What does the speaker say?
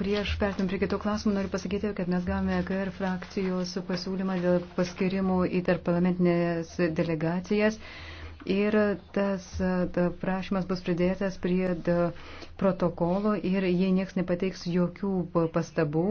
Prieš persim prie kito klausimų noriu pasakyti, kad mes gavome KR frakcijos pasiūlymą dėl paskirimų į tarp parlamentinės delegacijas. Ir tas ta prašymas bus pridėtas prie protokolo ir jei nieks nepateiks jokių pastabų,